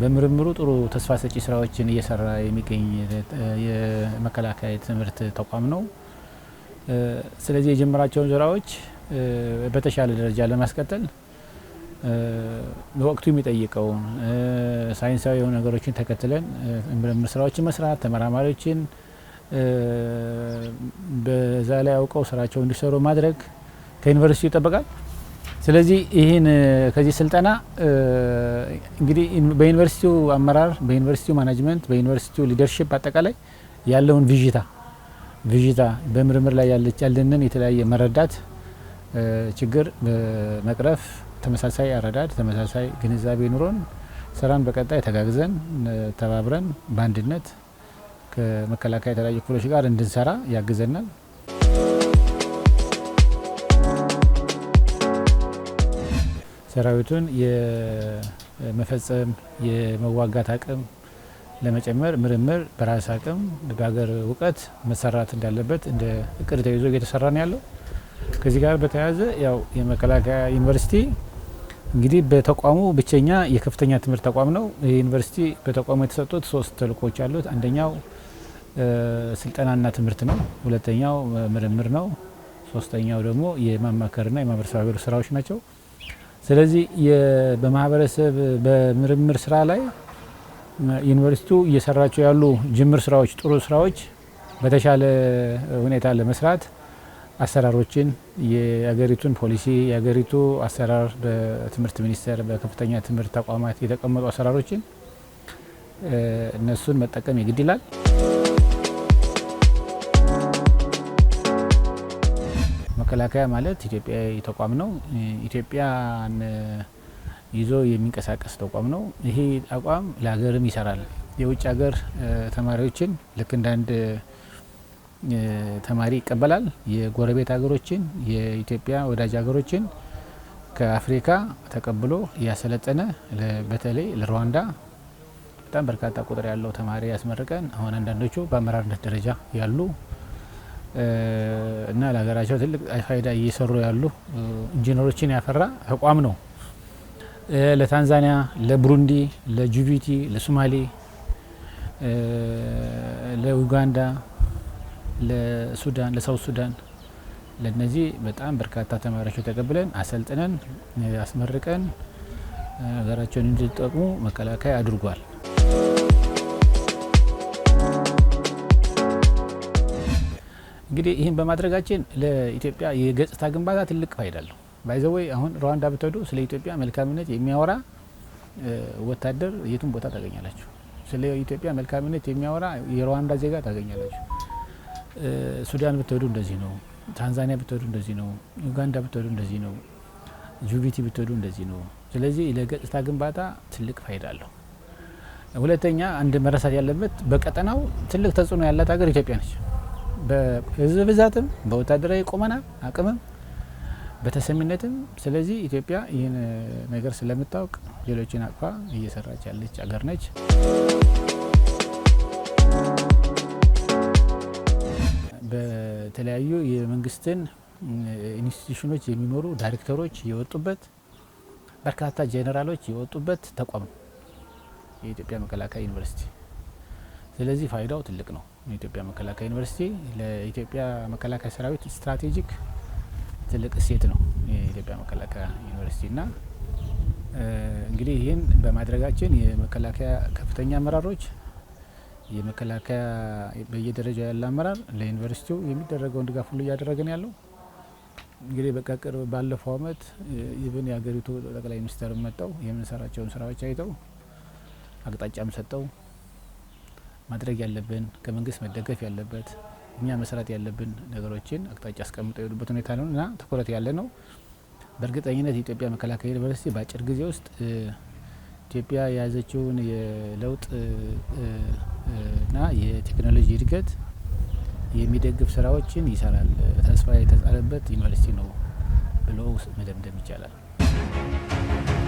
በምርምሩ ጥሩ ተስፋ ሰጪ ስራዎችን እየሰራ የሚገኝ የመከላከያ የትምህርት ተቋም ነው። ስለዚህ የጀመራቸውን ስራዎች በተሻለ ደረጃ ለማስቀጠል በወቅቱ የሚጠይቀውን ሳይንሳዊ የሆኑ ነገሮችን ተከትለን ምርምር ስራዎችን መስራት፣ ተመራማሪዎችን በዛ ላይ አውቀው ስራቸው እንዲሰሩ ማድረግ ከዩኒቨርሲቲ ይጠበቃል። ስለዚህ ይህን ከዚህ ስልጠና እንግዲህ በዩኒቨርሲቲው አመራር፣ በዩኒቨርሲቲው ማናጅመንት፣ በዩኒቨርሲቲው ሊደርሽፕ አጠቃላይ ያለውን ቪዥታ ቪዥታ በምርምር ላይ ያለንን የተለያየ መረዳት ችግር መቅረፍ ተመሳሳይ አረዳድ ተመሳሳይ ግንዛቤ ኑሮን ስራን በቀጣይ ተጋግዘን ተባብረን በአንድነት ከመከላከያ የተለያዩ ክፍሎች ጋር እንድንሰራ ያግዘናል። ሰራዊቱን የመፈጸም የመዋጋት አቅም ለመጨመር ምርምር በራስ አቅም በሀገር እውቀት መሰራት እንዳለበት እንደ እቅድ ተይዞ እየተሰራ ነው ያለው። ከዚህ ጋር በተያያዘ ያው የመከላከያ ዩኒቨርሲቲ እንግዲህ በተቋሙ ብቸኛ የከፍተኛ ትምህርት ተቋም ነው። ይህ ዩኒቨርሲቲ በተቋሙ የተሰጡት ሶስት ተልእኮች አሉት። አንደኛው ስልጠናና ትምህርት ነው። ሁለተኛው ምርምር ነው። ሶስተኛው ደግሞ የማማከርና የማህበረሰብ አገልግሎት ስራዎች ናቸው። ስለዚህ በማህበረሰብ በምርምር ስራ ላይ ዩኒቨርሲቲው እየሰራቸው ያሉ ጅምር ስራዎች፣ ጥሩ ስራዎች በተሻለ ሁኔታ ለመስራት አሰራሮችን የአገሪቱን ፖሊሲ የአገሪቱ አሰራር በትምህርት ሚኒስቴር በከፍተኛ ትምህርት ተቋማት የተቀመጡ አሰራሮችን እነሱን መጠቀም ይግድ ይላል። መከላከያ ማለት ኢትዮጵያዊ ተቋም ነው። ኢትዮጵያን ይዞ የሚንቀሳቀስ ተቋም ነው። ይሄ ተቋም ለሀገርም ይሰራል። የውጭ ሀገር ተማሪዎችን ልክ እንደ አንድ ተማሪ ይቀበላል። የጎረቤት ሀገሮችን የኢትዮጵያ ወዳጅ ሀገሮችን ከአፍሪካ ተቀብሎ እያሰለጠነ በተለይ ለሩዋንዳ በጣም በርካታ ቁጥር ያለው ተማሪ ያስመርቀን። አሁን አንዳንዶቹ በአመራርነት ደረጃ ያሉ እና ለሀገራቸው ትልቅ ፋይዳ እየሰሩ ያሉ ኢንጂነሮችን ያፈራ ተቋም ነው። ለታንዛኒያ፣ ለቡሩንዲ፣ ለጅቡቲ፣ ለሶማሌ፣ ለኡጋንዳ፣ ለሱዳን፣ ለሳውት ሱዳን ለነዚህ በጣም በርካታ ተማሪዎች ተቀብለን አሰልጥነን አስመርቀን ሀገራቸውን እንዲጠቅሙ መከላከያ አድርጓል። እንግዲህ ይህን በማድረጋችን ለኢትዮጵያ የገጽታ ግንባታ ትልቅ ፋይዳ አለው። ባይዘወይ አሁን ሩዋንዳ ብትሄዱ ስለ ኢትዮጵያ መልካምነት የሚያወራ ወታደር የቱን ቦታ ታገኛላችሁ። ስለ ኢትዮጵያ መልካምነት የሚያወራ የሩዋንዳ ዜጋ ታገኛላችሁ። ሱዳን ብትሄዱ እንደዚህ ነው። ታንዛኒያ ብትሄዱ እንደዚህ ነው። ዩጋንዳ ብትሄዱ እንደዚህ ነው። ጅቡቲ ብትሄዱ እንደዚህ ነው። ስለዚህ ለገጽታ ግንባታ ትልቅ ፋይዳ አለው። ሁለተኛ አንድ መረሳት ያለበት በቀጠናው ትልቅ ተጽዕኖ ያላት ሀገር ኢትዮጵያ ነች። በህዝብ ብዛትም በወታደራዊ ቁመና አቅምም በተሰሚነትም። ስለዚህ ኢትዮጵያ ይህን ነገር ስለምታውቅ ሌሎችን አቅፋ እየሰራች ያለች አገር ነች። በተለያዩ የመንግስትን ኢንስቲቱሽኖች የሚኖሩ ዳይሬክተሮች የወጡበት በርካታ ጄኔራሎች የወጡበት ተቋም ነው የኢትዮጵያ መከላከያ ዩኒቨርሲቲ። ስለዚህ ፋይዳው ትልቅ ነው። የኢትዮጵያ መከላከያ ዩኒቨርሲቲ ለኢትዮጵያ መከላከያ ሰራዊት ስትራቴጂክ ትልቅ እሴት ነው የኢትዮጵያ መከላከያ ዩኒቨርሲቲ እና እንግዲህ ይህን በማድረጋችን የመከላከያ ከፍተኛ አመራሮች የመከላከያ በየደረጃው ያለ አመራር ለዩኒቨርሲቲው የሚደረገውን ድጋፍ ሁሉ እያደረገን ያለው እንግዲህ በቃ ቅርብ ባለፈው አመት ይብን የሀገሪቱ ጠቅላይ ሚኒስተር መጠው የምንሰራቸውን ስራዎች አይተው አቅጣጫም ሰጠው ማድረግ ያለብን ከመንግስት መደገፍ ያለበት እኛ መስራት ያለብን ነገሮችን አቅጣጫ አስቀምጠው የሄዱበት ሁኔታ ነው እና ትኩረት ያለ ነው። በእርግጠኝነት የኢትዮጵያ መከላከያ ዩኒቨርሲቲ በአጭር ጊዜ ውስጥ ኢትዮጵያ የያዘችውን የለውጥ እና የቴክኖሎጂ እድገት የሚደግፍ ስራዎችን ይሰራል። ተስፋ የተጣለበት ዩኒቨርሲቲ ነው ብሎ መደምደም ይቻላል።